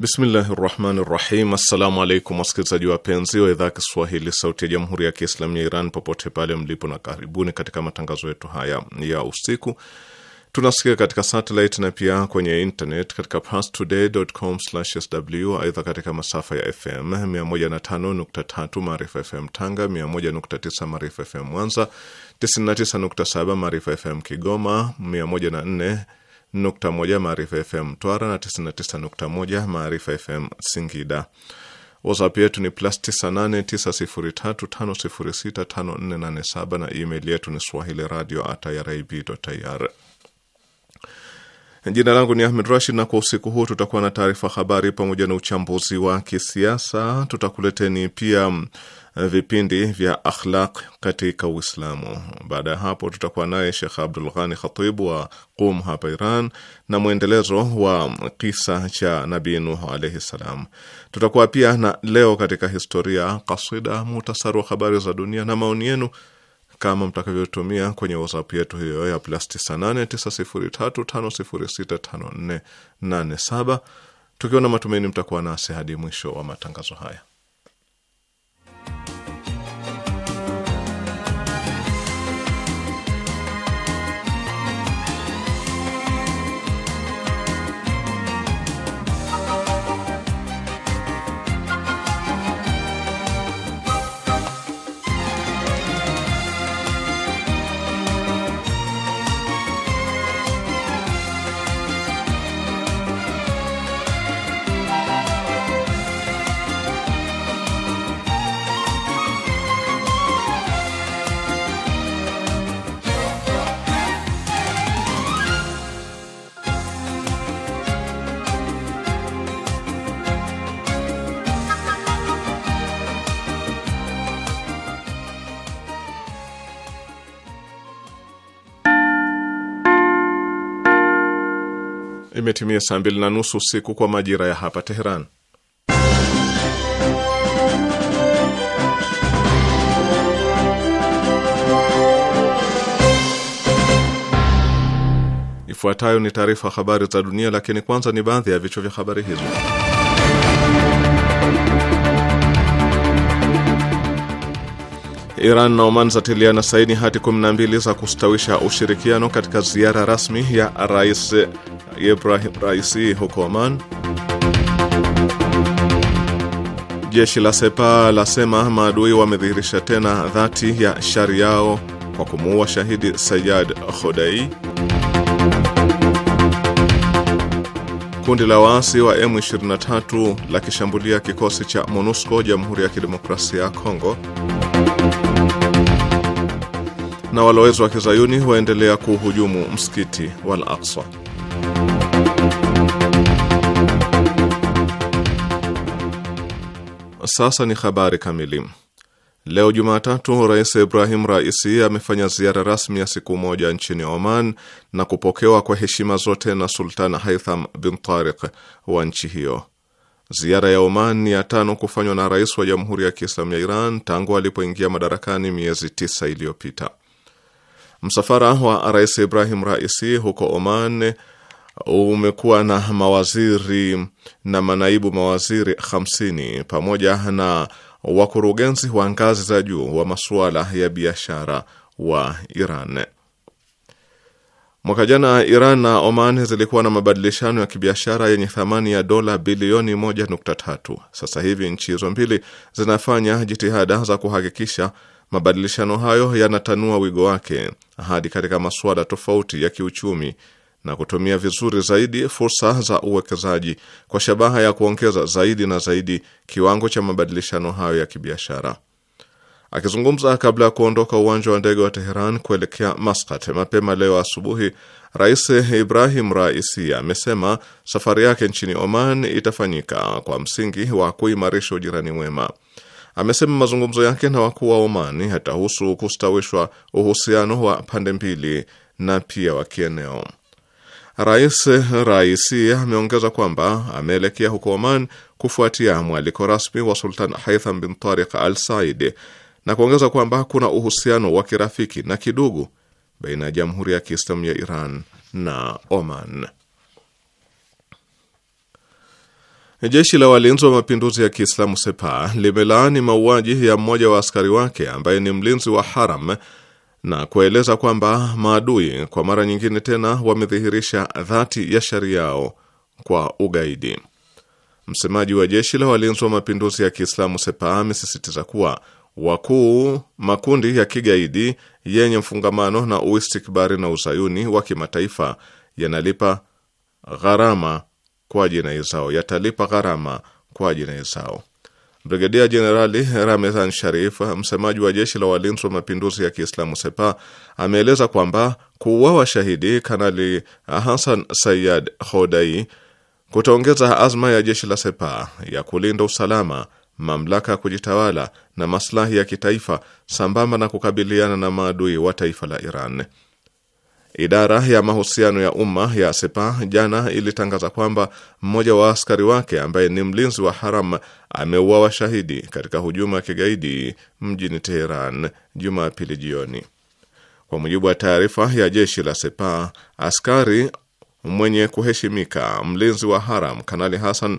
Bismillahi rahmani rahim. Assalamu alaikum wasikilizaji wapenzi wa idhaa ya Kiswahili sauti ya jamhuri ya Kiislamu ya Iran popote pale mlipo, na karibuni katika matangazo yetu haya ya usiku. Tunasikia katika satelit na pia kwenye internet katika parstoday.com/sw. Aidha, katika masafa ya FM 105.3 Maarifa FM Tanga, 101.9 Maarifa FM Mwanza, 99.7 Maarifa FM Kigoma, 104 nukta moja Maarifa FM Mtwara na 99.1 Maarifa FM Singida. WhatsApp yetu ni plus saba na email yetu ni swahili radio at irib.ir. Jina langu ni Ahmed Rashid, na kwa usiku huu tutakuwa na taarifa habari pamoja na uchambuzi wa kisiasa. Tutakuleteni pia mm, vipindi vya akhlaq katika Uislamu. Baada ya hapo, tutakuwa naye Shekh Abdul Ghani Khatibu wa Qum hapa Iran, na mwendelezo wa kisa cha Nabii Nuh alaihi salam. Tutakuwa pia na leo katika historia, kasida, muhtasari wa habari za dunia na maoni yenu kama mtakavyotumia kwenye WhatsApp yetu hiyo ya plus 989035065487 tukiwa na matumaini mtakuwa nasi hadi mwisho wa matangazo haya. imetimia saa mbili na nusu usiku kwa majira ya hapa Teheran. Ifuatayo ni taarifa habari za dunia, lakini kwanza ni baadhi ya vichwa vya habari hizo. Iran na Oman zatiliana saini hati 12 za kustawisha ushirikiano katika ziara rasmi ya Rais Ibrahim Raisi huko Oman. Jeshi la Sepa lasema maadui wamedhihirisha tena dhati ya shari yao kwa kumuua shahidi Sayyad Khodai. Kundi la waasi wa M23 la kishambulia kikosi cha MONUSCO Jamhuri ya Kidemokrasia ya Kongo. Na walowezi wa kizayuni waendelea kuuhujumu msikiti wa Al-Aqsa. Sasa ni habari kamili. Leo Jumatatu, Rais Ibrahim Raisi amefanya ziara rasmi ya siku moja nchini Oman na kupokewa kwa heshima zote na Sultan Haitham bin Tariq wa nchi hiyo. Ziara ya Oman ni ya tano kufanywa na rais wa Jamhuri ya Kiislamu ya Iran tangu alipoingia madarakani miezi tisa iliyopita. Msafara wa Rais Ibrahim Raisi huko Oman umekuwa na mawaziri na manaibu mawaziri 50 pamoja na wakurugenzi wa ngazi za juu wa masuala ya biashara wa Iran. Mwaka jana Iran na Oman zilikuwa na mabadilishano ya kibiashara yenye thamani ya dola bilioni 1.3. Sasa hivi nchi hizo mbili zinafanya jitihada za kuhakikisha mabadilishano hayo yanatanua wigo wake hadi katika masuala tofauti ya kiuchumi na kutumia vizuri zaidi fursa za uwekezaji kwa shabaha ya kuongeza zaidi na zaidi kiwango cha mabadilishano hayo ya kibiashara. Akizungumza kabla ya kuondoka uwanja wa ndege wa Teheran kuelekea Maskat mapema leo asubuhi, Rais Ibrahim Raisi amesema safari yake nchini Oman itafanyika kwa msingi wa kuimarisha ujirani mwema. Amesema mazungumzo yake na wakuu wa oman yatahusu kustawishwa uhusiano wa pande mbili na pia wa kieneo. Rais Raisi ameongeza kwamba ameelekea huko Oman kufuatia mwaliko rasmi wa Sultan Haitham bin Tariq Al Said na kuongeza kwamba kuna uhusiano wa kirafiki na kidugu baina ya Jamhuri ya Kiislamu ya Iran na Oman. Jeshi la walinzi wa mapinduzi ya Kiislamu Sepa limelaani mauaji ya mmoja wa askari wake ambaye ni mlinzi wa haram na kueleza kwamba maadui kwa mara nyingine tena wamedhihirisha dhati ya shari yao kwa ugaidi. Msemaji wa jeshi la walinzi wa mapinduzi ya Kiislamu sepa amesisitiza kuwa wakuu makundi ya kigaidi yenye mfungamano na uistikbari na uzayuni wa kimataifa yanalipa gharama kwa jinai zao, yatalipa gharama kwa jinai zao. Brigedia Jenerali Ramezan Sharif, msemaji wa jeshi la walinzi wa mapinduzi ya Kiislamu Sepa, ameeleza kwamba kuuawa shahidi Kanali Hasan Sayad khodai kutaongeza azma ya jeshi la Sepa ya kulinda usalama, mamlaka ya kujitawala na maslahi ya kitaifa, sambamba na kukabiliana na maadui wa taifa la Iran. Idara ya mahusiano ya umma ya sepa jana ilitangaza kwamba mmoja wa askari wake ambaye ni mlinzi wa haram ameuawa shahidi katika hujuma ya kigaidi mjini Teheran Jumapili jioni. Kwa mujibu wa taarifa ya jeshi la sepa askari mwenye kuheshimika mlinzi wa haram Kanali Hassan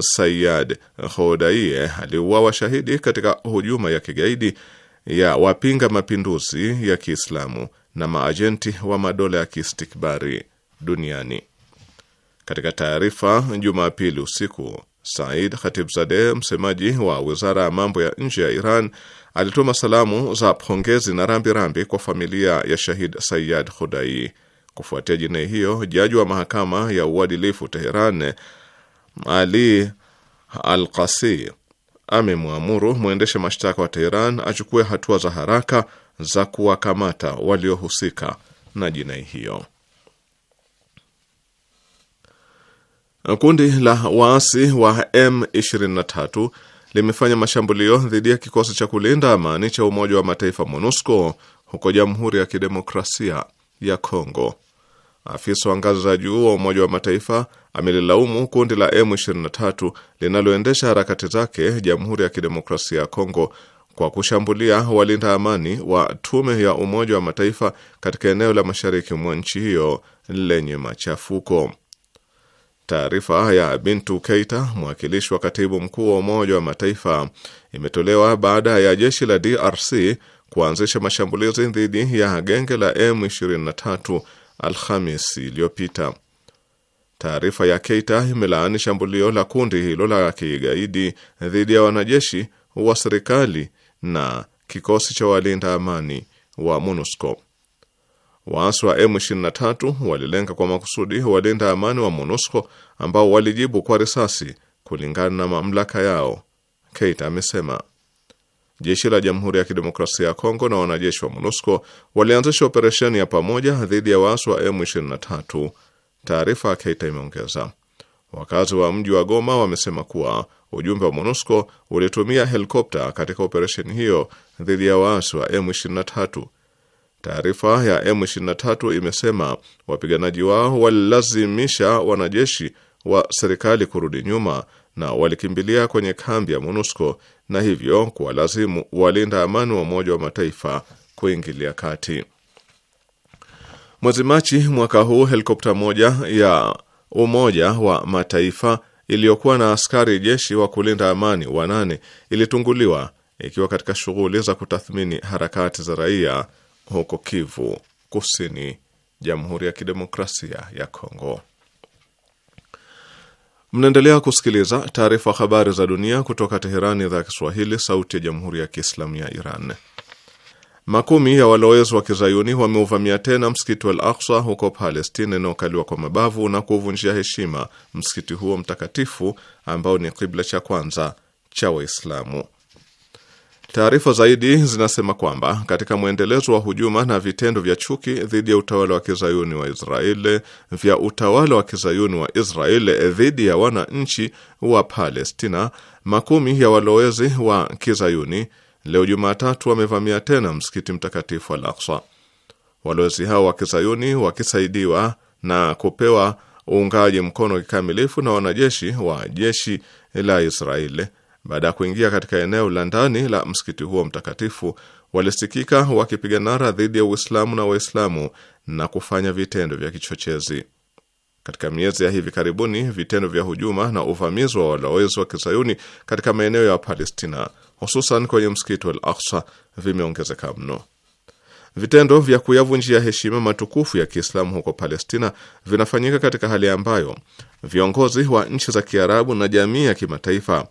Sayyad hodaie aliuawa shahidi katika hujuma ya kigaidi ya wapinga mapinduzi ya Kiislamu na maajenti wa madola ya kiistikbari duniani. Katika taarifa Jumapili usiku, Said Khatibzadeh, msemaji wa wizara ya mambo ya nje ya Iran, alituma salamu za pongezi na rambirambi rambi kwa familia ya shahid Sayyad Khudai. Kufuatia jinai hiyo, jaji wa mahakama ya uadilifu Teheran Ali al Qasi amemwamuru mwendesha mashtaka wa Teheran achukue hatua za haraka za kuwakamata waliohusika na jinai hiyo. Kundi la waasi wa M23 limefanya mashambulio dhidi ya kikosi cha kulinda amani cha Umoja wa Mataifa MONUSCO huko Jamhuri ya Kidemokrasia ya Kongo. Afisa wa ngazi za juu wa Umoja wa Mataifa amelilaumu kundi la M23 linaloendesha harakati zake Jamhuri ya Kidemokrasia ya Kongo kwa kushambulia walinda amani wa tume ya Umoja wa Mataifa katika eneo la mashariki mwa nchi hiyo lenye machafuko. Taarifa ya Bintu Keita, mwakilishi wa katibu mkuu wa Umoja wa Mataifa, imetolewa baada ya jeshi la DRC kuanzisha mashambulizi dhidi ya genge la M23 Alhamisi iliyopita. Taarifa ya Keita imelaani shambulio la kundi hilo la kigaidi dhidi ya wanajeshi wa serikali na kikosi cha walinda amani wa MONUSCO. Waasi wa M23 walilenga kwa makusudi walinda amani wa MONUSCO ambao walijibu kwa risasi kulingana na mamlaka yao, Keita amesema. Jeshi la Jamhuri ya Kidemokrasia ya Kongo na wanajeshi wa MONUSCO walianzisha operesheni ya pamoja dhidi ya waasi wa M23, taarifa ya Keita imeongeza. Wakazi wa mji wa Goma wamesema kuwa ujumbe wa MONUSCO ulitumia helikopta katika operesheni hiyo dhidi ya waasi wa M23. Taarifa ya M23 imesema wapiganaji wao walilazimisha wanajeshi wa serikali kurudi nyuma na walikimbilia kwenye kambi ya MONUSCO na hivyo kuwalazimu walinda amani wa Umoja wa Mataifa kuingilia kati. Mwezi Machi mwaka huu helikopta moja ya Umoja wa Mataifa iliyokuwa na askari jeshi wa kulinda amani wanane ilitunguliwa ikiwa katika shughuli za kutathmini harakati za raia huko Kivu Kusini, Jamhuri ya Kidemokrasia ya Kongo. Mnaendelea kusikiliza taarifa habari za dunia kutoka Teherani, idhaa ya Kiswahili, sauti ya Jamhuri ya Kiislamu ya Iran. Makumi ya walowezi wa kizayuni wameuvamia tena msikiti wa Al Aksa huko Palestina inaokaliwa kwa mabavu na kuvunjia heshima msikiti huo mtakatifu ambao ni kibla cha kwanza cha Waislamu. Taarifa zaidi zinasema kwamba katika mwendelezo wa hujuma na vitendo vya chuki dhidi ya utawala wa kizayuni wa Israeli vya utawala wa kizayuni wa Israeli dhidi ya wananchi wa Palestina, makumi ya walowezi wa kizayuni leo Jumatatu wamevamia tena msikiti mtakatifu Al Aksa. Walowezi hao wa kizayuni wakisaidiwa na kupewa uungaji mkono kikamilifu na wanajeshi wa jeshi la Israeli, baada ya kuingia katika eneo la ndani la msikiti huo mtakatifu, walisikika wakipiga nara dhidi ya Uislamu na Waislamu na kufanya vitendo vya kichochezi. Katika miezi ya hivi karibuni, vitendo vya hujuma na uvamizi wa walowezi wa kizayuni katika maeneo ya Palestina, hususan kwenye msikiti wa al vimeongezeka mno. Vitendo vya kuyavunjia heshima matukufu ya Kiislamu huko Palestina vinafanyika katika hali ambayo viongozi wa nchi za Kiarabu na jamii ya kimataifa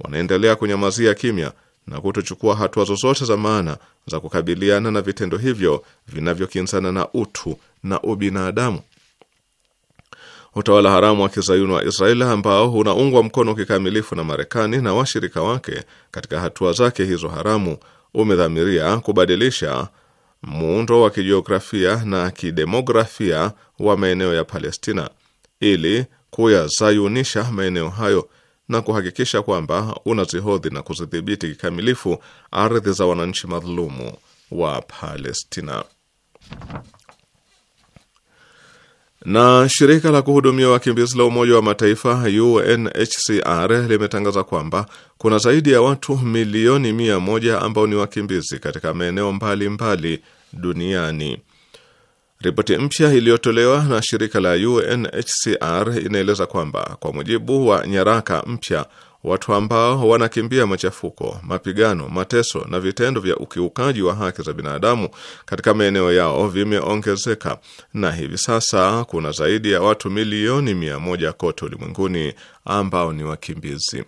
wanaendelea kunyamazia kimya na kutochukua hatua zozote za maana za kukabiliana na vitendo hivyo vinavyokinzana na utu na ubinadamu. Utawala haramu wa kizayuni wa Israeli ambao unaungwa mkono kikamilifu na Marekani na washirika wake katika hatua zake hizo haramu umedhamiria kubadilisha muundo wa kijiografia na kidemografia wa maeneo ya Palestina ili kuyazayunisha maeneo hayo na kuhakikisha kwamba unazihodhi na kuzidhibiti kikamilifu ardhi za wananchi madhulumu wa Palestina. Na shirika la kuhudumia wakimbizi la Umoja wa Mataifa UNHCR limetangaza kwamba kuna zaidi ya watu milioni mia moja ambao ni wakimbizi katika maeneo mbalimbali duniani. Ripoti mpya iliyotolewa na shirika la UNHCR inaeleza kwamba kwa mujibu wa nyaraka mpya watu ambao wanakimbia machafuko, mapigano, mateso na vitendo vya ukiukaji wa haki za binadamu katika maeneo yao vimeongezeka, na hivi sasa kuna zaidi ya watu milioni mia moja kote ulimwenguni ambao ni wakimbizi.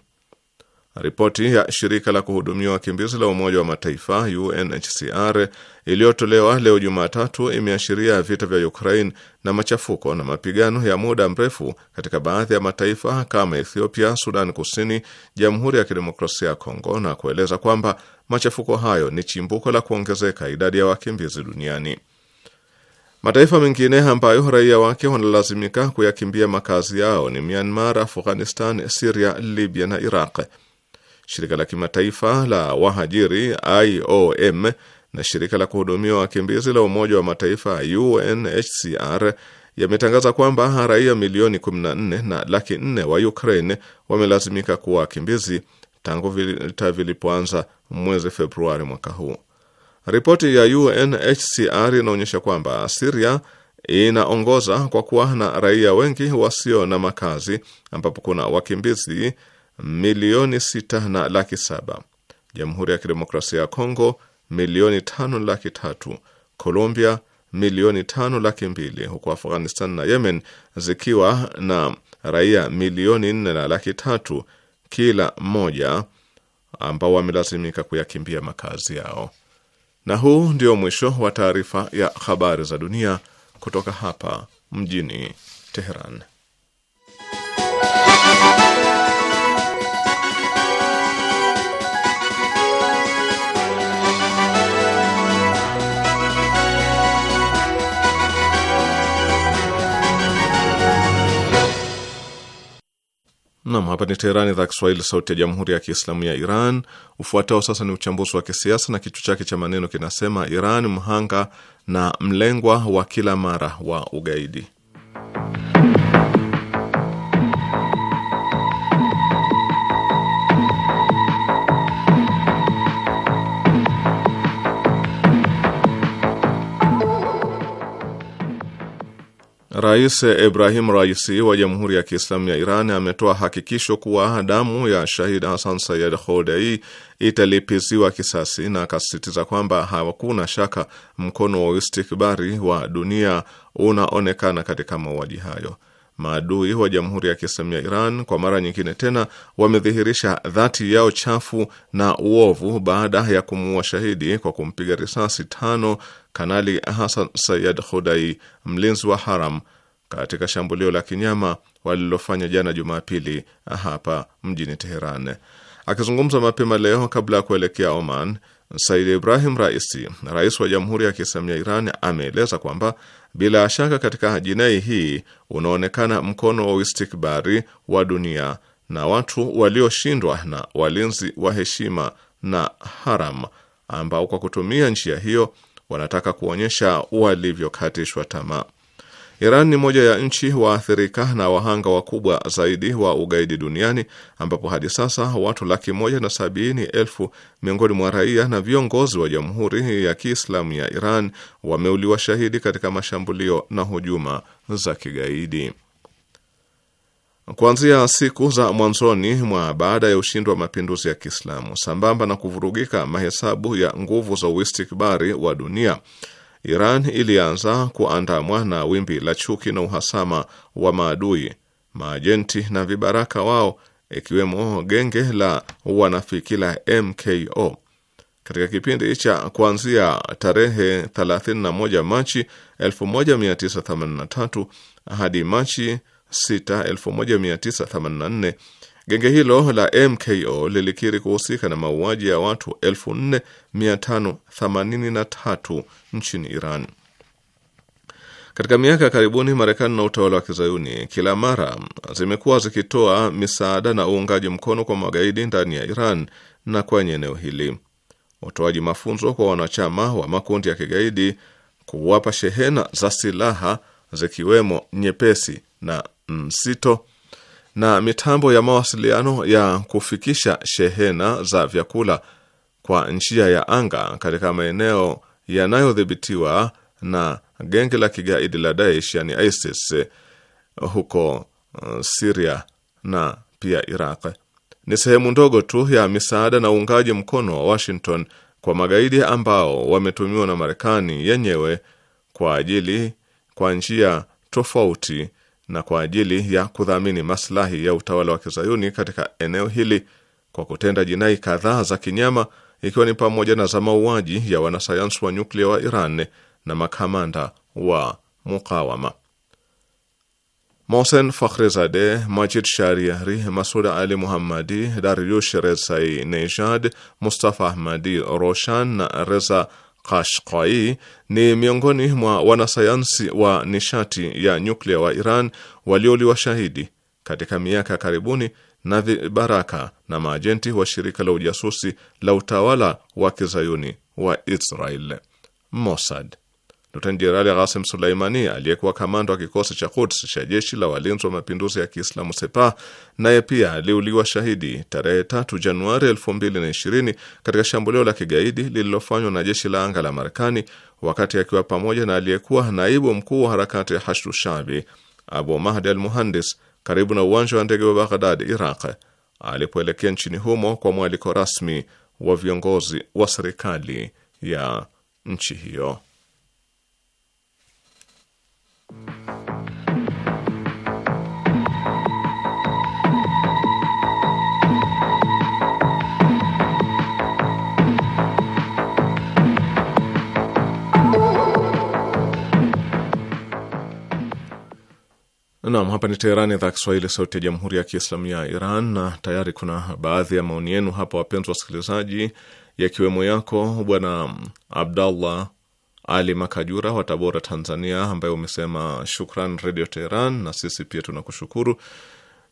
Ripoti ya shirika la kuhudumia wakimbizi la Umoja wa Mataifa UNHCR iliyotolewa leo Jumatatu imeashiria vita vya Ukraine na machafuko na mapigano ya muda mrefu katika baadhi ya mataifa kama Ethiopia, Sudan Kusini, Jamhuri ya Kidemokrasia ya Kongo na kueleza kwamba machafuko hayo ni chimbuko la kuongezeka idadi ya wakimbizi duniani. Mataifa mengine ambayo raia wake wanalazimika kuyakimbia makazi yao ni Myanmar, Afghanistan, Siria, Libya na Iraq shirika la kimataifa la wahajiri IOM na shirika la kuhudumia wakimbizi la Umoja wa Mataifa UNHCR yametangaza kwamba raia milioni 14 na laki 4 wa Ukraine wamelazimika kuwa wakimbizi tangu vita vilipoanza mwezi Februari mwaka huu. Ripoti ya UNHCR inaonyesha kwamba siria inaongoza kwa kuwa na raia wengi wasio na makazi, ambapo kuna wakimbizi milioni sita na laki saba, Jamhuri ya Kidemokrasia ya Kongo milioni tano laki tatu, Colombia milioni tano laki mbili, huku Afghanistan na Yemen zikiwa na raia milioni nne na laki tatu kila mmoja, ambao wamelazimika kuyakimbia makazi yao. Na huu ndio mwisho wa taarifa ya habari za dunia kutoka hapa mjini Teheran. Nam, hapa ni Teherani, idhaa Kiswahili, sauti ya jamhuri ya kiislamu ya Iran. Ufuatao sasa ni uchambuzi wa kisiasa na kichwa chake cha maneno kinasema: Iran mhanga na mlengwa wa kila mara wa ugaidi. Rais Ibrahim Raisi wa Jamhuri ya Kiislamu ya Iran ametoa hakikisho kuwa damu ya shahid Hasan Sayed Hodei italipiziwa kisasi na akasisitiza kwamba hakuna shaka mkono wa istikbari wa dunia unaonekana katika mauaji hayo. Maadui wa Jamhuri ya Kiislamu ya Iran kwa mara nyingine tena wamedhihirisha dhati yao chafu na uovu baada ya kumuua shahidi kwa kumpiga risasi tano Kanali Hasan Sayad Khudai, mlinzi wa haram, katika shambulio la kinyama walilofanya jana Jumapili hapa mjini Teheran. Akizungumza mapema leo kabla ya kuelekea Oman, Said Ibrahim Raisi, rais wa Jamhuri ya Kiislamu ya Iran, ameeleza kwamba bila shaka katika jinai hii unaonekana mkono wa uistikbari wa dunia na watu walioshindwa na walinzi wa heshima na haram, ambao kwa kutumia njia hiyo wanataka kuonyesha walivyokatishwa tamaa. Iran ni moja ya nchi waathirika na wahanga wakubwa zaidi wa ugaidi duniani ambapo hadi sasa watu laki moja na sabini elfu miongoni mwa raia na viongozi wa Jamhuri ya Kiislamu ya Iran wameuliwa shahidi katika mashambulio na hujuma za kigaidi. Kuanzia siku za mwanzoni mwa baada ya ushindi wa mapinduzi ya Kiislamu, sambamba na kuvurugika mahesabu ya nguvu za uistikbari wa dunia Iran ilianza kuandamwa na wimbi la chuki na uhasama wa maadui, maajenti na vibaraka wao, ikiwemo genge la wanafiki la MKO katika kipindi cha kuanzia tarehe 31 Machi 1983 hadi Machi 6 1984 Genge hilo la MKO lilikiri kuhusika na mauaji ya watu 4583 nchini Iran. Katika miaka ya karibuni, Marekani na utawala wa kizayuni kila mara zimekuwa zikitoa misaada na uungaji mkono kwa magaidi ndani ya Iran na kwenye eneo hili. Utoaji mafunzo kwa wanachama wa makundi ya kigaidi, kuwapa shehena za silaha zikiwemo nyepesi na msito mm, na mitambo ya mawasiliano ya kufikisha shehena za vyakula kwa njia ya anga katika maeneo yanayodhibitiwa na genge la kigaidi la Daesh yani ISIS huko uh, Siria na pia Iraq ni sehemu ndogo tu ya misaada na uungaji mkono wa Washington kwa magaidi ambao wametumiwa na Marekani yenyewe kwa ajili kwa njia tofauti na kwa ajili ya kudhamini maslahi ya utawala wa kizayuni katika eneo hili kwa kutenda jinai kadhaa za kinyama, ikiwa ni pamoja na za mauaji ya wanasayansi wa nyuklia wa Iran na makamanda wa mukawama. Mohsen fakhrizade Majid Shariari, Masud Ali Muhammadi, Daryush Rezai Nejad, Mustafa Ahmadi Roshan na Reza Kashkai ni miongoni mwa wanasayansi wa nishati ya nyuklia wa Iran walioliwa shahidi katika miaka ya karibuni na vibaraka na maajenti wa shirika la ujasusi la utawala wa kizayuni wa Israel Mossad. Luteni Jenerali Ghasim Suleimani aliyekuwa kamanda wa kikosi cha Quds cha jeshi la walinzi wa mapinduzi ya Kiislamu sepa naye pia aliuliwa shahidi tarehe 3 Januari 2020 katika shambulio la kigaidi lililofanywa na jeshi la anga la Marekani wakati akiwa pamoja na aliyekuwa naibu mkuu wa harakati ya Hashdu Shabi Abu Mahdi al-Muhandis karibu na uwanja wa ndege wa Baghdad, Iraq, alipoelekea nchini humo kwa mwaliko rasmi wa viongozi wa serikali ya nchi hiyo. Naam, hapa ni Teherani, idhaa Kiswahili, sauti ya jamhuri ya kiislamu ya Iran. Na tayari kuna baadhi ya maoni yenu hapa, wapenzi wasikilizaji, yakiwemo yako Bwana Abdallah Ali Makajura wa Tabora, Tanzania, ambaye umesema shukran Redio Teheran, na sisi pia tunakushukuru.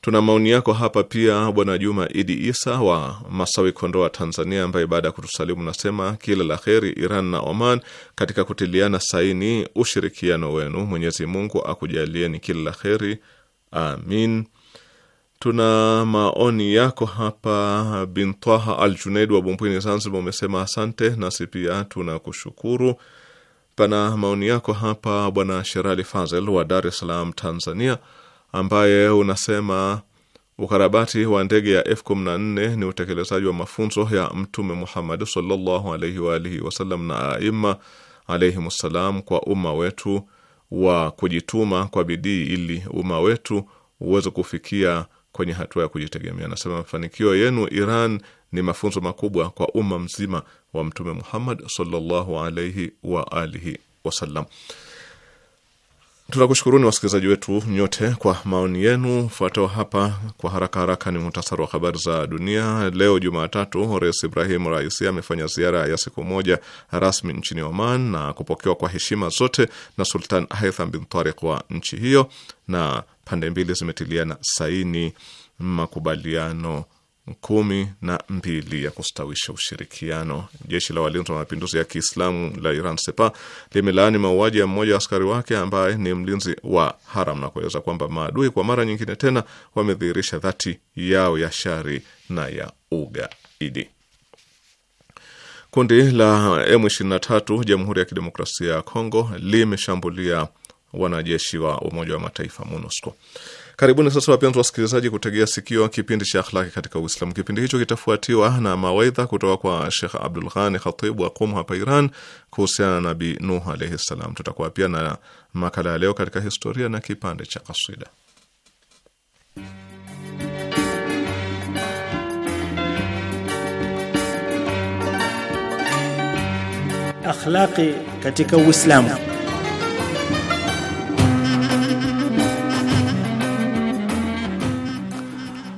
Tuna maoni yako hapa pia, bwana Juma Idi Isa wa Masawi, Kondoa, Tanzania, ambaye baada ya kutusalimu nasema kila la heri Iran na Oman katika kutiliana saini ushirikiano wenu. Mwenyezi Mungu akujalieni kila la heri, amin. Tuna maoni yako hapa, Bintaha Al Junaid wa Bumbwini, Zanzibar, umesema asante, nasi pia tuna kushukuru Pana maoni yako hapa, bwana Sherali Fazel wa Dar es Salaam, Tanzania ambaye unasema ukarabati wa ndege ya F-14 ni utekelezaji wa mafunzo ya Mtume Muhammad sallallahu alaihi wa alihi wasallam na aima alaihimussalam kwa umma wetu wa kujituma kwa bidii ili umma wetu uweze kufikia kwenye hatua ya kujitegemea. Nasema mafanikio yenu Iran ni mafunzo makubwa kwa umma mzima wa Mtume Muhammad sallallahu alaihi wa alihi wasallam. Tunakushukuruni wasikilizaji wetu nyote kwa maoni yenu. Fuatao hapa kwa haraka haraka ni muhtasari wa habari za dunia. Leo Jumatatu, Rais Ibrahim Raisi amefanya ziara ya siku moja rasmi nchini Oman na kupokewa kwa heshima zote na Sultan Haitham bin Tarik wa nchi hiyo, na pande mbili zimetiliana saini makubaliano kumi na mbili ya kustawisha ushirikiano. Jeshi la walinzi wa mapinduzi ya Kiislamu la Iran Sepa limelaani mauaji ya mmoja wa askari wake ambaye ni mlinzi wa haram na kueleza kwamba maadui kwa mara nyingine tena wamedhihirisha dhati yao ya shari na ya ugaidi. Kundi la M23 Jamhuri ya Kidemokrasia ya Kongo limeshambulia wanajeshi wa Umoja wa Mataifa MONUSCO. Karibuni sasa wapenzi wasikilizaji, kutegea sikio kipindi cha Akhlaki katika Uislamu. Kipindi hicho kitafuatiwa na mawaidha kutoka kwa Shekh Abdul Ghani Khatibu wa Qum hapa Iran kuhusiana na nabi Nuh alaihi ssalam. Tutakuwa pia na makala ya leo katika historia na kipande cha kasida. Akhlaki katika Uislamu.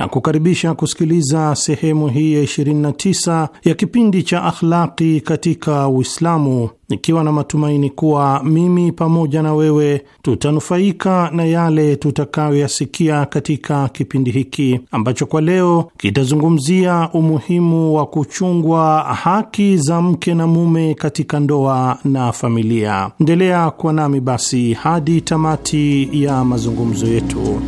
na kukaribisha kusikiliza sehemu hii ya 29 ya kipindi cha Akhlaqi katika Uislamu, nikiwa na matumaini kuwa mimi pamoja na wewe tutanufaika na yale tutakayoyasikia katika kipindi hiki ambacho kwa leo kitazungumzia umuhimu wa kuchungwa haki za mke na mume katika ndoa na familia. Endelea kuwa nami basi hadi tamati ya mazungumzo yetu.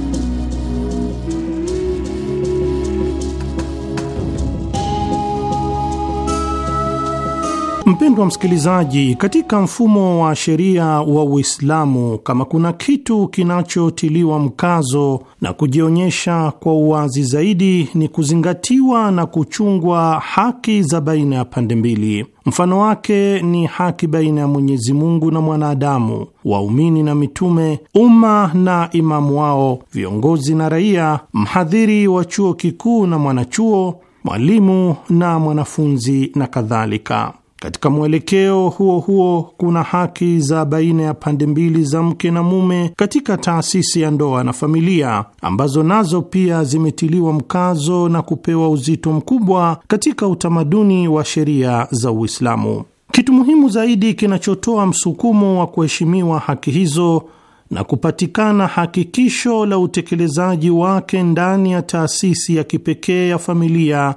Mpendwa msikilizaji, katika mfumo wa sheria wa Uislamu, kama kuna kitu kinachotiliwa mkazo na kujionyesha kwa uwazi zaidi, ni kuzingatiwa na kuchungwa haki za baina ya pande mbili. Mfano wake ni haki baina ya Mwenyezi Mungu na mwanadamu, waumini na mitume, umma na imamu wao, viongozi na raia, mhadhiri wa chuo kikuu na mwanachuo, mwalimu na mwanafunzi na kadhalika. Katika mwelekeo huo huo kuna haki za baina ya pande mbili za mke na mume katika taasisi ya ndoa na familia ambazo nazo pia zimetiliwa mkazo na kupewa uzito mkubwa katika utamaduni wa sheria za Uislamu. Kitu muhimu zaidi kinachotoa msukumo wa kuheshimiwa haki hizo na kupatikana hakikisho la utekelezaji wake ndani ya taasisi ya kipekee ya familia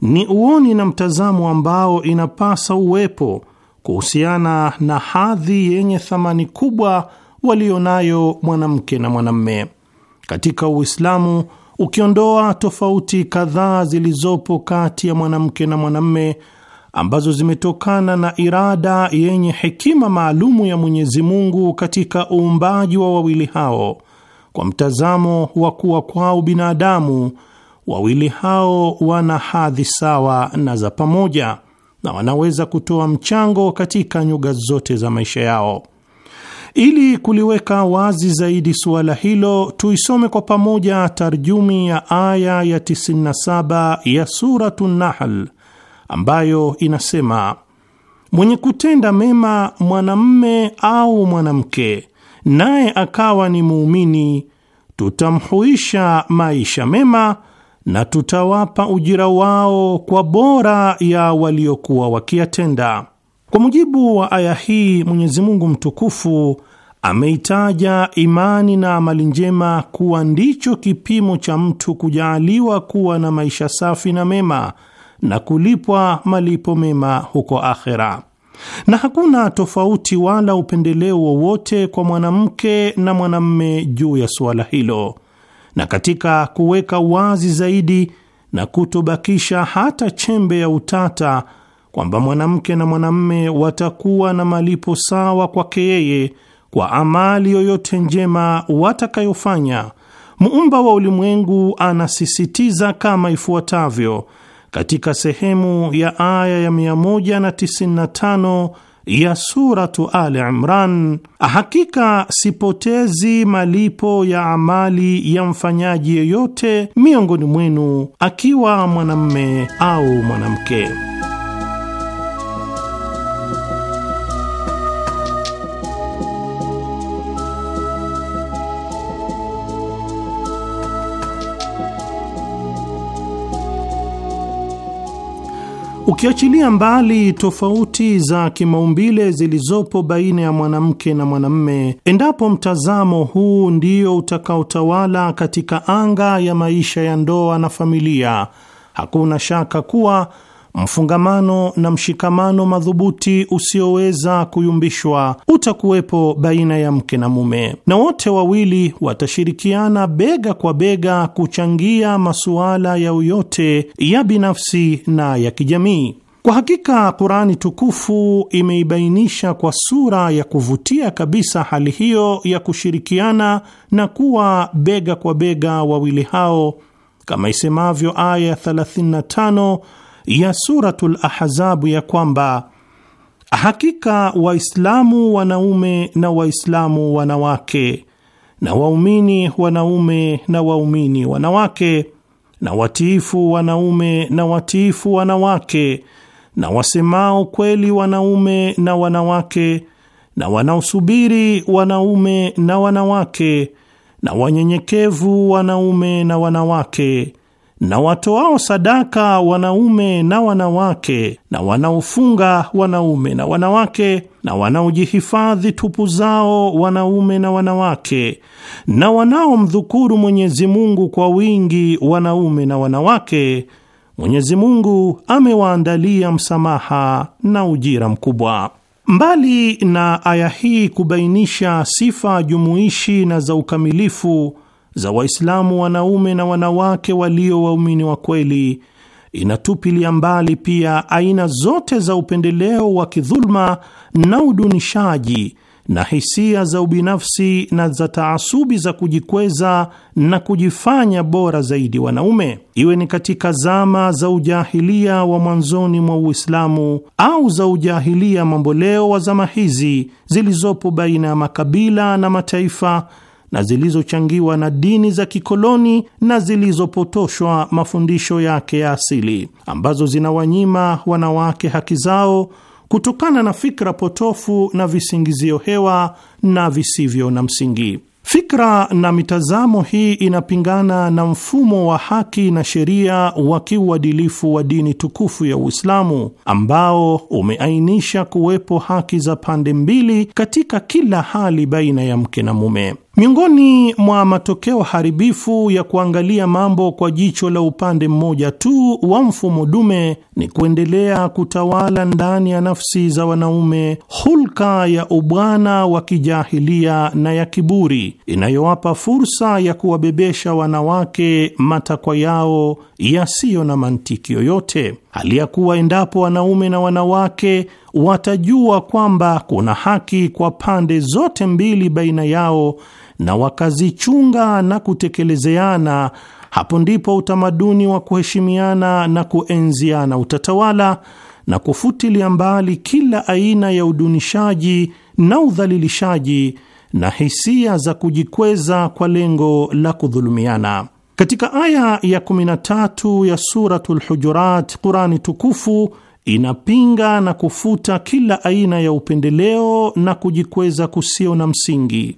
ni uoni na mtazamo ambao inapasa uwepo kuhusiana na hadhi yenye thamani kubwa walionayo mwanamke na mwanamme katika Uislamu. Ukiondoa tofauti kadhaa zilizopo kati ya mwanamke na mwanamme ambazo zimetokana na irada yenye hekima maalumu ya Mwenyezi Mungu katika uumbaji wa wawili hao, kwa mtazamo wa kuwa kwao binadamu wawili hao wana hadhi sawa na za pamoja, na wanaweza kutoa mchango katika nyuga zote za maisha yao. Ili kuliweka wazi zaidi suala hilo, tuisome kwa pamoja tarjumi ya aya ya 97 ya Suratu Nahl ambayo inasema mwenye kutenda mema mwanamme au mwanamke, naye akawa ni muumini, tutamhuisha maisha mema na tutawapa ujira wao kwa bora ya waliokuwa wakiyatenda. Kwa mujibu wa aya hii, Mwenyezi Mungu mtukufu ameitaja imani na amali njema kuwa ndicho kipimo cha mtu kujaaliwa kuwa na maisha safi na mema na kulipwa malipo mema huko akhera. Na hakuna tofauti wala upendeleo wowote kwa mwanamke na mwanamme juu ya suala hilo. Na katika kuweka wazi zaidi na kutobakisha hata chembe ya utata kwamba mwanamke na mwanamme watakuwa na malipo sawa kwake yeye kwa amali yoyote njema watakayofanya, muumba wa ulimwengu anasisitiza kama ifuatavyo katika sehemu ya aya ya 195 ya Suratu Ali Imran, hakika sipotezi malipo ya amali ya mfanyaji yeyote miongoni mwenu, akiwa mwanamme au mwanamke. Ukiachilia mbali tofauti za kimaumbile zilizopo baina ya mwanamke na mwanamme, endapo mtazamo huu ndio utakaotawala katika anga ya maisha ya ndoa na familia, hakuna shaka kuwa mfungamano na mshikamano madhubuti usioweza kuyumbishwa utakuwepo baina ya mke na mume, na wote wawili watashirikiana bega kwa bega kuchangia masuala yao yote ya binafsi na ya kijamii. Kwa hakika Kurani tukufu imeibainisha kwa sura ya kuvutia kabisa hali hiyo ya kushirikiana na kuwa bega kwa bega wawili hao, kama isemavyo aya 35 ya Suratul Ahzabu ya kwamba hakika Waislamu wanaume na Waislamu wanawake na waumini wanaume na waumini wanawake na watiifu wanaume na watiifu wanawake na wasemao kweli wanaume na wanawake na wanaosubiri wanaume na wanawake na wanyenyekevu wanaume na wanawake na watoao sadaka wanaume na wanawake, na wanaofunga wanaume na wanawake, na wanaojihifadhi tupu zao wanaume na wanawake, na wanaomdhukuru Mwenyezi Mungu kwa wingi wanaume na wanawake, Mwenyezi Mungu amewaandalia msamaha na ujira mkubwa. Mbali na aya hii kubainisha sifa jumuishi na za ukamilifu za Waislamu wanaume na wanawake walio waumini wa kweli, inatupilia mbali pia aina zote za upendeleo wa kidhuluma na udunishaji na hisia za ubinafsi na za taasubi za kujikweza na kujifanya bora zaidi wanaume, iwe ni katika zama za ujahilia wa mwanzoni mwa Uislamu au za ujahilia mamboleo wa zama hizi zilizopo baina ya makabila na mataifa na zilizochangiwa na dini za kikoloni na zilizopotoshwa mafundisho yake ya asili, ambazo zinawanyima wanawake haki zao kutokana na fikra potofu na visingizio hewa na visivyo na msingi. Fikra na mitazamo hii inapingana na mfumo wa haki na sheria wa kiuadilifu wa dini tukufu ya Uislamu ambao umeainisha kuwepo haki za pande mbili katika kila hali baina ya mke na mume. Miongoni mwa matokeo haribifu ya kuangalia mambo kwa jicho la upande mmoja tu wa mfumo dume ni kuendelea kutawala ndani ya nafsi za wanaume hulka ya ubwana wa kijahilia na ya kiburi inayowapa fursa ya kuwabebesha wanawake matakwa yao yasiyo na mantiki yoyote, hali ya kuwa endapo wanaume na wanawake watajua kwamba kuna haki kwa pande zote mbili baina yao na wakazichunga na kutekelezeana, hapo ndipo utamaduni wa kuheshimiana na kuenziana utatawala na kufutilia mbali kila aina ya udunishaji na udhalilishaji na hisia za kujikweza kwa lengo la kudhulumiana. Katika aya ya 13 ya Suratul Hujurat, Qurani tukufu inapinga na kufuta kila aina ya upendeleo na kujikweza kusio na msingi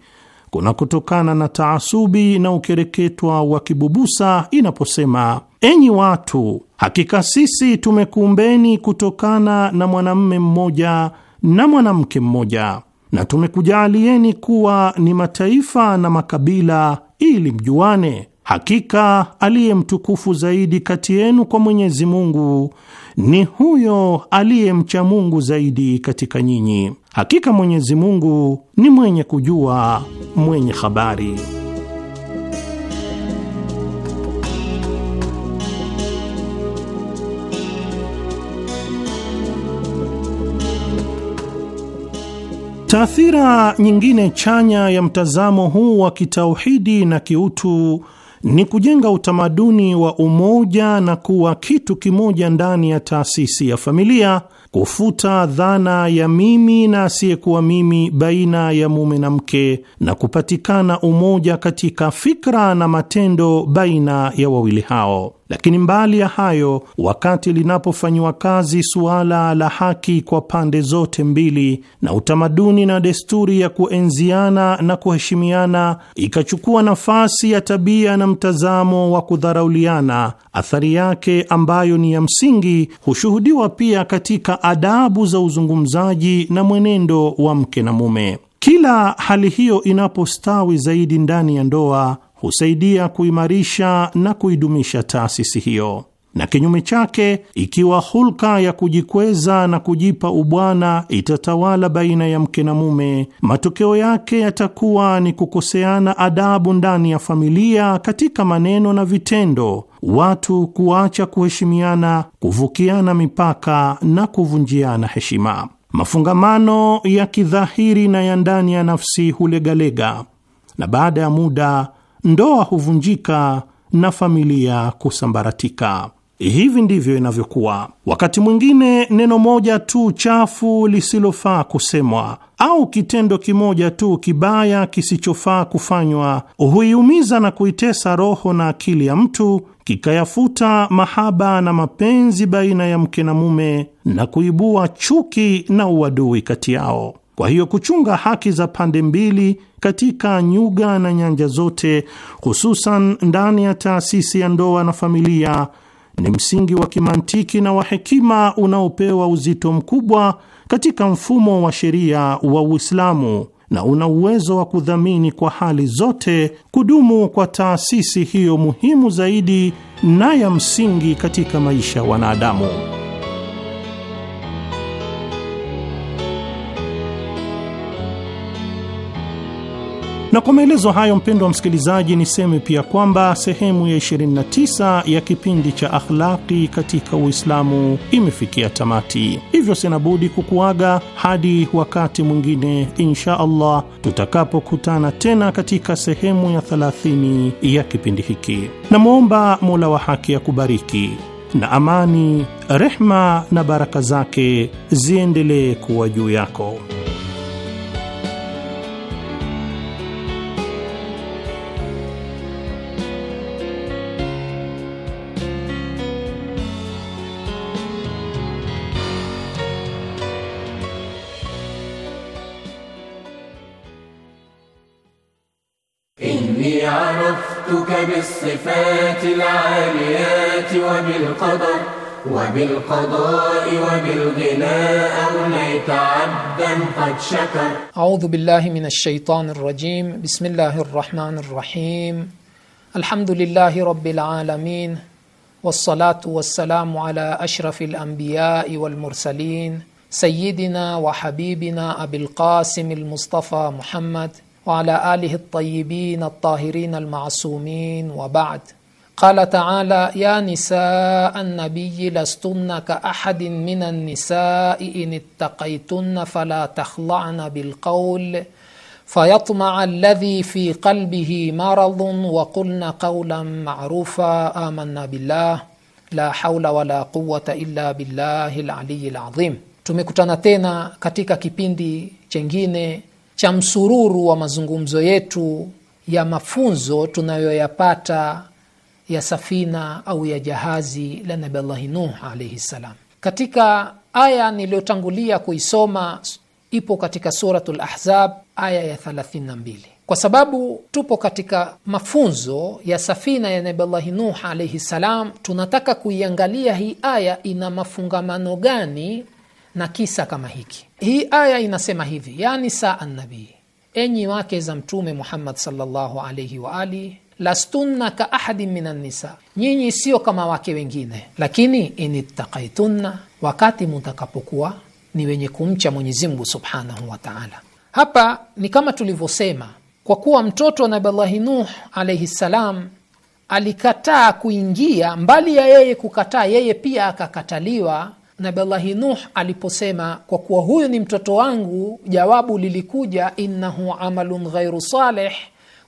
kuna kutokana na taasubi na ukereketwa wa kibubusa inaposema, enyi watu, hakika sisi tumekuumbeni kutokana na mwanamme mmoja na mwanamke mmoja na tumekujaalieni kuwa ni mataifa na makabila ili mjuane. Hakika aliye mtukufu zaidi kati yenu kwa Mwenyezi Mungu ni huyo mcha Mungu zaidi katika nyinyi. Hakika Mwenyezi Mungu ni mwenye kujua, mwenye habari. Taathira nyingine chanya ya mtazamo huu wa kitauhidi na kiutu ni kujenga utamaduni wa umoja na kuwa kitu kimoja ndani ya taasisi ya familia kufuta dhana ya mimi na asiyekuwa mimi baina ya mume na mke na kupatikana umoja katika fikra na matendo baina ya wawili hao. Lakini mbali ya hayo, wakati linapofanyiwa kazi suala la haki kwa pande zote mbili, na utamaduni na desturi ya kuenziana na kuheshimiana ikachukua nafasi ya tabia na mtazamo wa kudharauliana, athari yake ambayo ni ya msingi hushuhudiwa pia katika adabu za uzungumzaji na mwenendo wa mke na mume. Kila hali hiyo inapostawi zaidi ndani ya ndoa husaidia kuimarisha na kuidumisha taasisi hiyo, na kinyume chake, ikiwa hulka ya kujikweza na kujipa ubwana itatawala baina ya mke na mume, matokeo yake yatakuwa ni kukoseana adabu ndani ya familia, katika maneno na vitendo, watu kuacha kuheshimiana, kuvukiana mipaka na kuvunjiana heshima. Mafungamano ya kidhahiri na ya ndani ya nafsi hulegalega, na baada ya muda ndoa huvunjika na familia kusambaratika. Hivi ndivyo inavyokuwa. Wakati mwingine neno moja tu chafu lisilofaa kusemwa au kitendo kimoja tu kibaya kisichofaa kufanywa huiumiza na kuitesa roho na akili ya mtu, kikayafuta mahaba na mapenzi baina ya mke na mume na kuibua chuki na uadui kati yao. Kwa hiyo kuchunga haki za pande mbili katika nyuga na nyanja zote, hususan ndani ya taasisi ya ndoa na familia, ni msingi wa kimantiki na wa hekima unaopewa uzito mkubwa katika mfumo wa sheria wa Uislamu na una uwezo wa kudhamini kwa hali zote kudumu kwa taasisi hiyo muhimu zaidi na ya msingi katika maisha ya wanadamu. Na kwa maelezo hayo, mpendo wa msikilizaji, niseme pia kwamba sehemu ya 29 ya kipindi cha akhlaqi katika Uislamu imefikia tamati, hivyo sina budi kukuaga hadi wakati mwingine insha Allah tutakapokutana tena katika sehemu ya 30 ya kipindi hiki. Namwomba Mola wa haki akubariki na amani, rehma na baraka zake ziendelee kuwa juu yako. وبالقضاء وبالغناء أغنيت عبدا قد شكر أعوذ بالله من الشيطان الرجيم بسم الله الرحمن الرحيم الحمد لله رب العالمين والصلاة والسلام على أشرف الأنبياء والمرسلين سيدنا وحبيبنا أبي القاسم المصطفى محمد وعلى آله الطيبين الطاهرين المعصومين وبعد قال تعالى يا نساء النبي لستن كأحد من النساء إن اتقيتن فلا تخلعن بالقول فيطمع الذي في قلبه مرض وقلن قولا معروفا آمنا بالله la haula wala quwata illa billahi aliyil azim. Tumekutana tena katika kipindi chengine cha msururu wa mazungumzo yetu ya mafunzo tunayoyapata ya safina au ya jahazi la nabillahi Nuh alaihi ssalam. Katika aya niliyotangulia kuisoma ipo katika Suratul Ahzab aya ya 32, kwa sababu tupo katika mafunzo ya safina ya nabi Nuh alaihi ssalam. Tunataka kuiangalia hii aya ina mafungamano gani na kisa kama hiki. Hii aya inasema hivi: yani saa nabii, enyi wake za Mtume Muhammad sallallahu alaihi wa lastunna ka ahadin min annisa, nyinyi sio kama wake wengine, lakini inittaqaitunna, wakati mutakapokuwa ni wenye kumcha Mwenyezi Mungu subhanahu wa taala. Hapa ni kama tulivyosema, kwa kuwa mtoto wa Nabillahi Nuh alaihi ssalam alikataa kuingia, mbali ya yeye kukataa, yeye pia akakataliwa. Nabillahi Nuh aliposema kwa kuwa huyu ni mtoto wangu, jawabu lilikuja innahu amalun ghairu saleh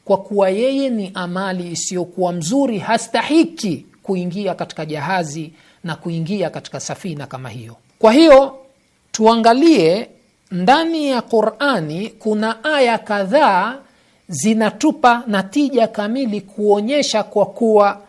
kwa kuwa yeye ni amali isiyokuwa mzuri, hastahiki kuingia katika jahazi na kuingia katika safina kama hiyo. Kwa hiyo tuangalie ndani ya Qurani kuna aya kadhaa zinatupa natija kamili kuonyesha kwa kuwa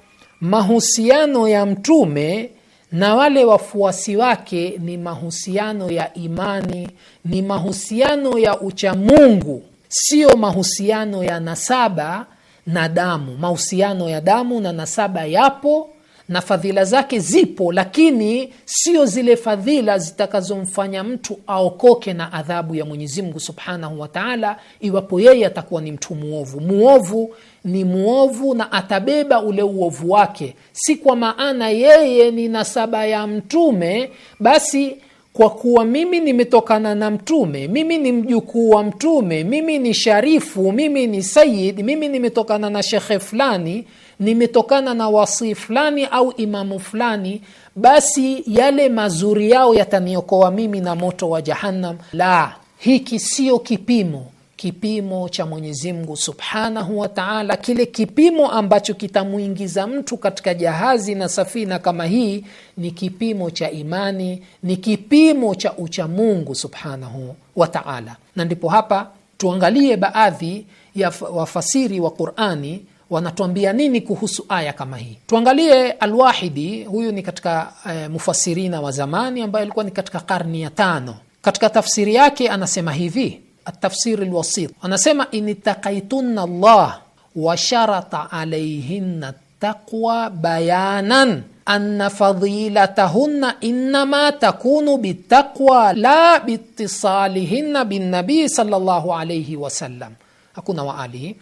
mahusiano ya mtume na wale wafuasi wake ni mahusiano ya imani, ni mahusiano ya uchamungu sio mahusiano ya nasaba na damu. Mahusiano ya damu na nasaba yapo na fadhila zake zipo, lakini sio zile fadhila zitakazomfanya mtu aokoke na adhabu ya Mwenyezi Mungu subhanahu wa taala, iwapo yeye atakuwa ni mtu muovu. Muovu ni muovu na atabeba ule uovu wake, si kwa maana yeye ni nasaba ya mtume basi kwa kuwa mimi nimetokana na mtume, mimi ni mjukuu wa mtume, mimi ni sharifu, mimi ni sayid, mimi nimetokana na shekhe fulani, nimetokana na wasii fulani au imamu fulani, basi yale mazuri yao yataniokoa mimi na moto wa Jahannam. La, hiki sio kipimo kipimo cha Mwenyezi Mungu subhanahu wa taala, kile kipimo ambacho kitamwingiza mtu katika jahazi na safina kama hii ni kipimo cha imani, ni kipimo cha uchamungu subhanahu wa taala. Na ndipo hapa tuangalie baadhi ya wafasiri wa Qurani wanatuambia nini kuhusu aya kama hii. Tuangalie Alwahidi, huyu ni katika e, eh, mufasirina wa zamani ambaye alikuwa ni katika karni ya tano. Katika tafsiri yake anasema hivi atafsir lwasit anasema initakaitunna Allah washarata alaihinna taqwa bayanan anna fadilatahunna innama takunu bitaqwa la biitisalihinna binnabii sallallahu alaihi wasallam hakuna wa alihi.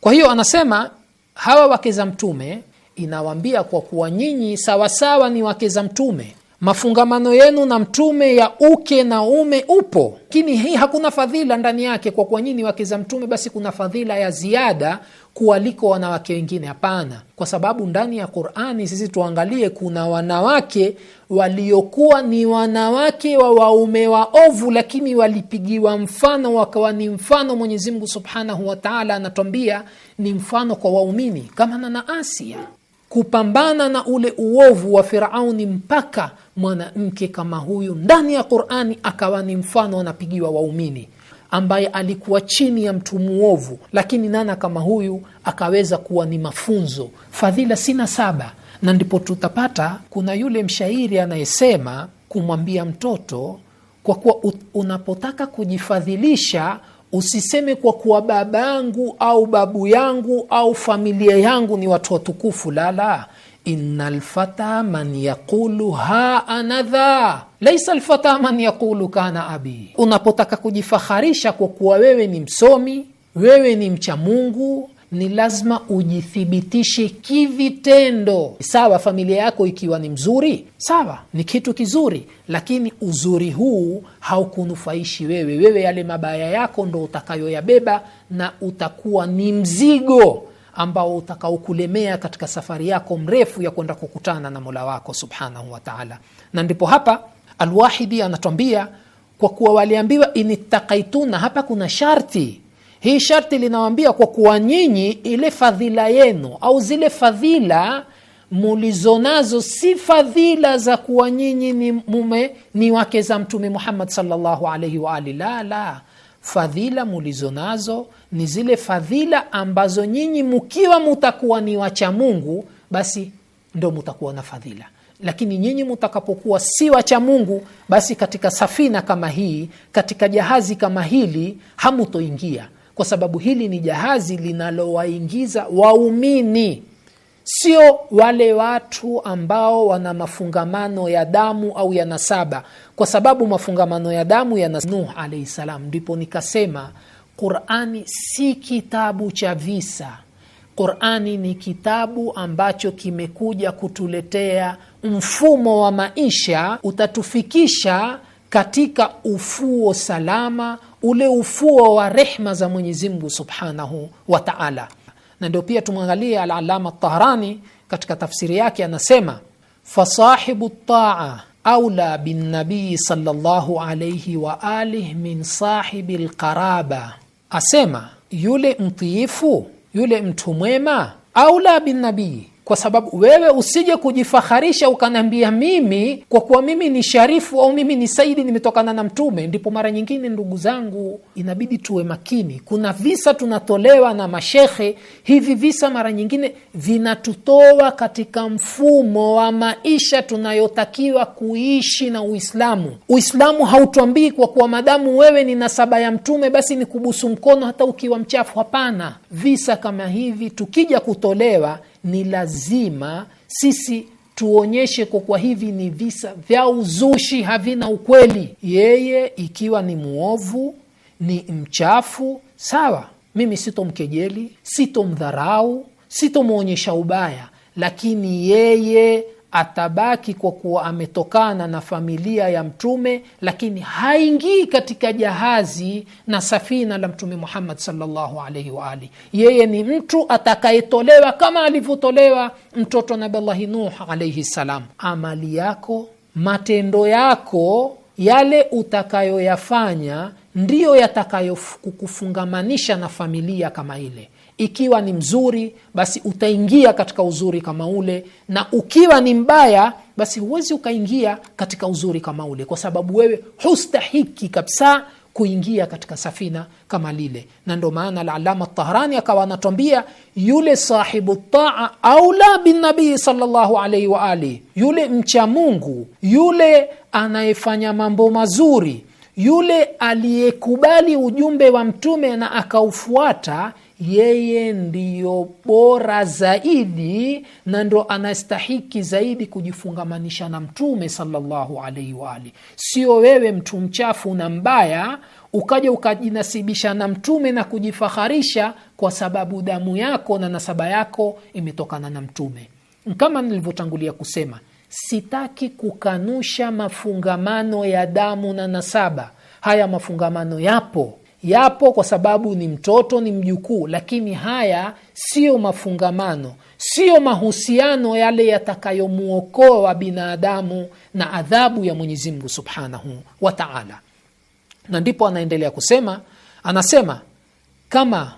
Kwa hiyo anasema hawa wake za mtume inawambia kwa kuwa nyinyi sawasawa ni wake za mtume mafungamano yenu na mtume ya uke na ume upo, lakini hii hakuna fadhila ndani yake. Kwa kuwa nyinyi wake za mtume, basi kuna fadhila ya ziada kuwaliko wanawake wengine? Hapana, kwa sababu ndani ya Qur'ani sisi tuangalie, kuna wanawake waliokuwa ni wanawake wa waume waovu, lakini walipigiwa mfano wakawa ni mfano. Mwenyezi Mungu Subhanahu wataala anatwambia ni mfano kwa waumini, kama na Asia kupambana na ule uovu wa firauni mpaka mwanamke kama huyu ndani ya qurani akawa ni mfano anapigiwa waumini ambaye alikuwa chini ya mtu muovu lakini nana kama huyu akaweza kuwa ni mafunzo fadhila sina saba na ndipo tutapata kuna yule mshairi anayesema kumwambia mtoto kwa kuwa unapotaka kujifadhilisha Usiseme kwa kuwa babangu au babu yangu au familia yangu ni watu watukufu. Lala, inna lfata man yaqulu ha anadha laisa lfata man yaqulu kana abi. Unapotaka kujifaharisha kwa kuwa wewe ni msomi, wewe ni mcha Mungu, ni lazima ujithibitishe kivitendo. Sawa, familia yako ikiwa ni mzuri, sawa, ni kitu kizuri, lakini uzuri huu haukunufaishi wewe. Wewe yale mabaya yako ndo utakayoyabeba na utakuwa ni mzigo ambao utakaokulemea katika safari yako mrefu ya kwenda kukutana na Mola wako subhanahu wataala. Na ndipo hapa Alwahidi anatwambia kwa kuwa waliambiwa initakaituna, hapa kuna sharti hii sharti linawambia kwa kuwa nyinyi ile fadhila yenu au zile fadhila mulizo nazo si fadhila za kuwa nyinyi ni mume ni wake za Mtume Muhammad sallallahu alaihi La, la, fadhila mulizo nazo ni zile fadhila ambazo nyinyi mukiwa mutakuwa ni wacha Mungu basi ndo mutakuwa na fadhila, lakini nyinyi mutakapokuwa si wacha Mungu basi katika safina kama hii, katika jahazi kama hili hamutoingia kwa sababu hili ni jahazi linalowaingiza waumini, sio wale watu ambao wana mafungamano ya damu au ya nasaba, kwa sababu mafungamano ya damu ya Nuh alaihi salam. Ndipo nikasema Qurani si kitabu cha visa. Qurani ni kitabu ambacho kimekuja kutuletea mfumo wa maisha, utatufikisha katika ufuo salama ule ufuo wa rehma za Mwenyezi Mungu Subhanahu wa Ta'ala. Na ndio pia tumwangalie al-Allama Tahrani katika tafsiri yake anasema, fasahibu taa aula bin nabii sallallahu alayhi wa alihi min sahibi lqaraba asema yule mtiifu, yule mtu mwema, aula bin nabii kwa sababu wewe usije kujifaharisha ukanambia mimi kwa kuwa mimi ni sharifu au mimi ni saidi nimetokana na mtume. Ndipo mara nyingine, ndugu zangu, inabidi tuwe makini. Kuna visa tunatolewa na mashehe, hivi visa mara nyingine vinatutoa katika mfumo wa maisha tunayotakiwa kuishi na Uislamu. Uislamu hautwambii kwa kuwa madamu wewe ni nasaba ya mtume, basi ni kubusu mkono hata ukiwa mchafu. Hapana, visa kama hivi tukija kutolewa ni lazima sisi tuonyeshe kwa kwa hivi ni visa vya uzushi, havina ukweli. Yeye ikiwa ni mwovu, ni mchafu, sawa, mimi sitomkejeli, sitomdharau, sitomwonyesha ubaya, lakini yeye atabaki kwa kuwa ametokana na familia ya mtume lakini haingii katika jahazi na safina la mtume muhammad salllahu alaihi waalih yeye ni mtu atakayetolewa kama alivyotolewa mtoto nabillahi nuh alaihi ssalam amali yako matendo yako yale utakayoyafanya ndiyo yatakayokufungamanisha na familia kama ile. Ikiwa ni mzuri, basi utaingia katika uzuri kama ule, na ukiwa ni mbaya, basi huwezi ukaingia katika uzuri kama ule, kwa sababu wewe hustahiki kabisa kuingia katika safina kama lile na ndo maana alalama tahrani akawa anatwambia yule sahibu taa aula binabii salllahu alaihi wa alihi yule mcha mungu yule anayefanya mambo mazuri yule aliyekubali ujumbe wa mtume na akaufuata yeye ndiyo bora zaidi na ndo anastahiki zaidi kujifungamanisha na mtume salallahu alaihi waali Sio wewe mtu mchafu na mbaya ukaja ukajinasibisha na mtume na kujifaharisha kwa sababu damu yako na nasaba yako imetokana na mtume. Kama nilivyotangulia kusema, sitaki kukanusha mafungamano ya damu na nasaba. Haya mafungamano yapo yapo kwa sababu ni mtoto, ni mjukuu, lakini haya siyo mafungamano, siyo mahusiano yale yatakayomuokoa binadamu na adhabu ya mwenyezimngu subhanahu wa taala. Na ndipo anaendelea kusema, anasema kama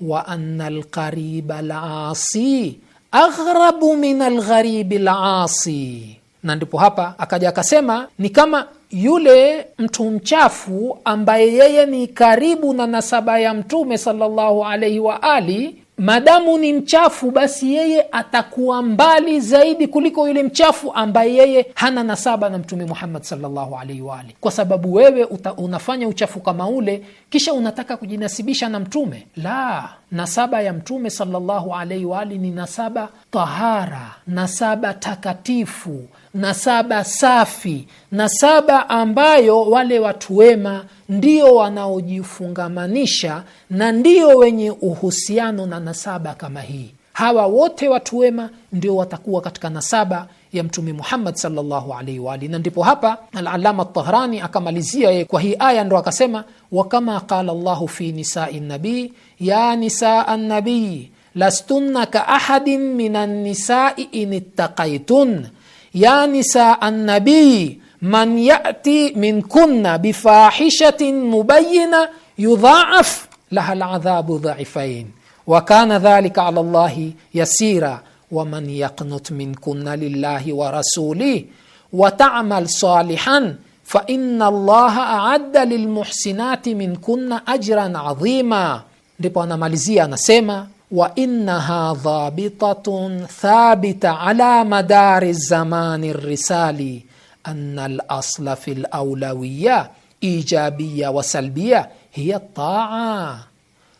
wa anna lqariba lasi aghrabu min algharibi lasi. Na ndipo hapa akaja akasema ni kama yule mtu mchafu ambaye yeye ni karibu na nasaba ya mtume salallahu alaihi wa ali madamu ni mchafu basi yeye atakuwa mbali zaidi kuliko yule mchafu ambaye yeye hana nasaba na mtume muhammad salllahu alaihi waali kwa sababu wewe uta, unafanya uchafu kama ule kisha unataka kujinasibisha na mtume la nasaba ya mtume salllahu alaihi waali ni nasaba tahara nasaba takatifu nasaba safi, nasaba ambayo wale watu wema ndio wanaojifungamanisha na ndio wenye uhusiano na nasaba kama hii. Hawa wote watu wema ndio watakuwa katika nasaba ya Mtume Muhammad sallallahu alaihi Na ndipo hapa Alalama Tahrani akamalizia yeye kwa hii aya, ndo akasema wakama qala Llahu fi nisai nabii ya nisaa nabii lastunna ka ahadin min annisai in ittaqaitun يا نساء النبي من يأتي منكن بفاحشة مبينة يضاعف لها العذاب ضعفين وكان ذلك على الله يسيرا ومن يقنط منكن لله ورسوله وتعمل صالحا فإن الله أعد للمحسنات منكن أجرا عظيما ndipo anamalizia anasema wa innaha dhabitatun thabita ala madari zamani risali anna al-asla fi al-awlawiyya ijabiyya wa salbiyya hiya at-ta'a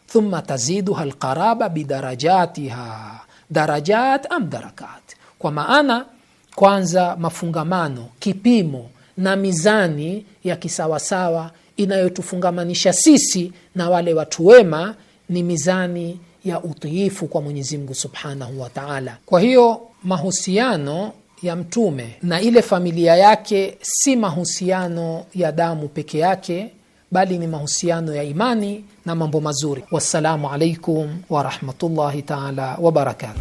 thumma taziduha al-qaraba bidarajatiha darajat am darakat, kwa maana kwanza mafungamano, kipimo na mizani ya kisawasawa inayotufungamanisha sisi na wale watu wema ni mizani ya utiifu kwa Mwenyezi Mungu Subhanahu wa Ta'ala. Kwa hiyo mahusiano ya mtume na ile familia yake si mahusiano ya damu peke yake, bali ni mahusiano ya imani na mambo mazuri. Wassalamu alaikum warahmatullahi taala wabarakatuh.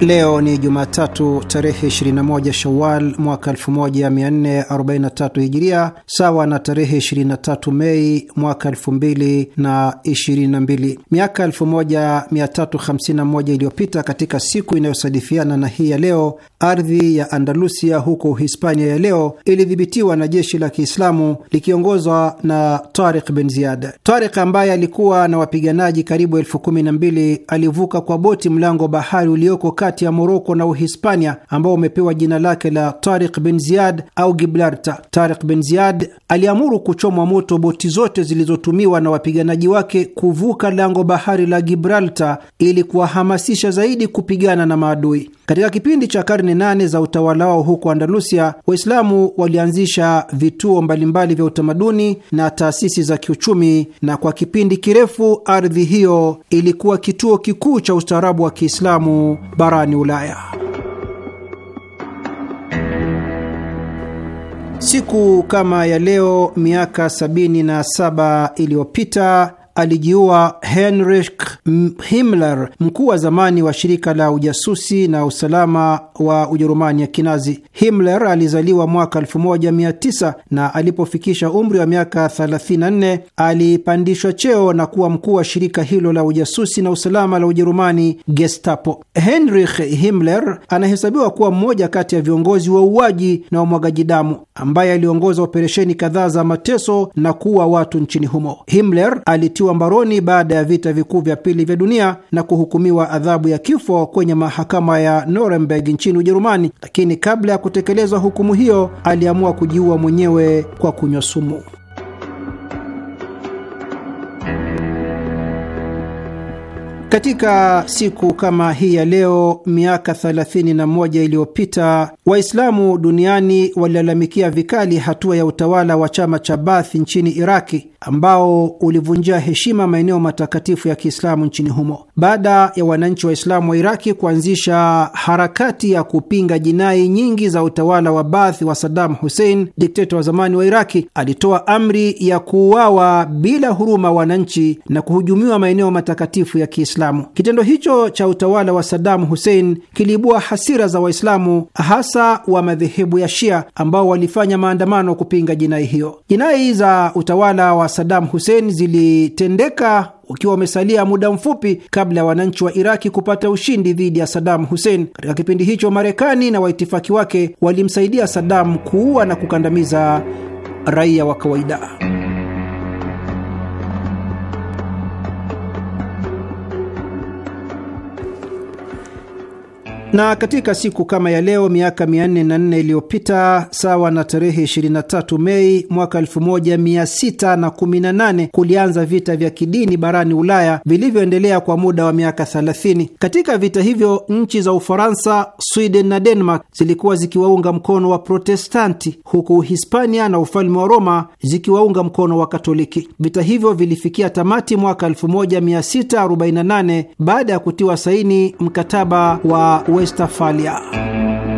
Leo ni Jumatatu tarehe 21 Shawal mwaka 1443 Hijiria, sawa na tarehe 23 Mei mwaka 2022. Miaka 1351 iliyopita, katika siku inayosadifiana na hii ya leo, ardhi ya Andalusia huko Uhispania ya leo ilidhibitiwa na jeshi la Kiislamu likiongozwa na Tariq bin Ziyad. Tariq ambaye alikuwa na wapiganaji karibu elfu kumi na mbili alivuka kwa boti mlango bahari ulioko kati ya Moroko na Uhispania ambao umepewa jina lake la Tariq bin Ziyad au Gibraltar. Tariq bin Ziyad aliamuru kuchomwa moto boti zote zilizotumiwa na wapiganaji wake kuvuka lango bahari la Gibraltar ili kuwahamasisha zaidi kupigana na maadui. Katika kipindi cha karne nane za utawala wao huko Andalusia, Waislamu walianzisha vituo mbalimbali vya utamaduni na taasisi za kiuchumi, na kwa kipindi kirefu ardhi hiyo ilikuwa kituo kikuu cha ustaarabu wa Kiislamu barani Ulaya. Siku kama ya leo miaka 77 iliyopita alijiua Heinrich Himmler, mkuu wa zamani wa shirika la ujasusi na usalama wa Ujerumani ya Kinazi. Himmler alizaliwa mwaka 1900 na alipofikisha umri wa miaka 34 alipandishwa cheo na kuwa mkuu wa shirika hilo la ujasusi na usalama la Ujerumani, Gestapo. Heinrich Himmler anahesabiwa kuwa mmoja kati ya viongozi wa uaji na umwagaji damu ambaye aliongoza operesheni kadhaa za mateso na kuua watu nchini humo. Himmler alitiwa kutiwa mbaroni baada ya vita vikuu vya pili vya dunia na kuhukumiwa adhabu ya kifo kwenye mahakama ya Nuremberg nchini Ujerumani, lakini kabla ya kutekelezwa hukumu hiyo aliamua kujiua mwenyewe kwa kunywa sumu. Katika siku kama hii ya leo miaka 31 iliyopita Waislamu duniani walilalamikia vikali hatua ya utawala wa chama cha Baath nchini Iraki ambao ulivunjia heshima maeneo matakatifu ya Kiislamu nchini humo. Baada ya wananchi Waislamu wa Iraki kuanzisha harakati ya kupinga jinai nyingi za utawala wa Baath wa Saddam Hussein, dikteta wa zamani wa Iraki, alitoa amri ya kuuawa bila huruma wananchi na kuhujumiwa maeneo matakatifu ya Kiislamu Waislamu. Kitendo hicho cha utawala wa Sadamu Hussein kiliibua hasira za Waislamu, hasa wa madhehebu ya Shia ambao walifanya maandamano kupinga jinai hiyo. Jinai za utawala wa Sadamu Hussein zilitendeka ukiwa umesalia muda mfupi kabla ya wananchi wa Iraki kupata ushindi dhidi ya Sadamu Hussein. Katika kipindi hicho, Marekani na waitifaki wake walimsaidia Sadamu kuua na kukandamiza raia wa kawaida. Na katika siku kama ya leo miaka 404 iliyopita, sawa na tarehe 23 Mei mwaka 1618, kulianza vita vya kidini barani Ulaya vilivyoendelea kwa muda wa miaka 30. Katika vita hivyo nchi za Ufaransa, Sweden na Denmark zilikuwa zikiwaunga mkono wa Protestanti, huku Hispania na ufalme wa Roma zikiwaunga mkono wa Katoliki. Vita hivyo vilifikia tamati mwaka 1648 baada ya kutiwa saini mkataba wa cuesta fallar.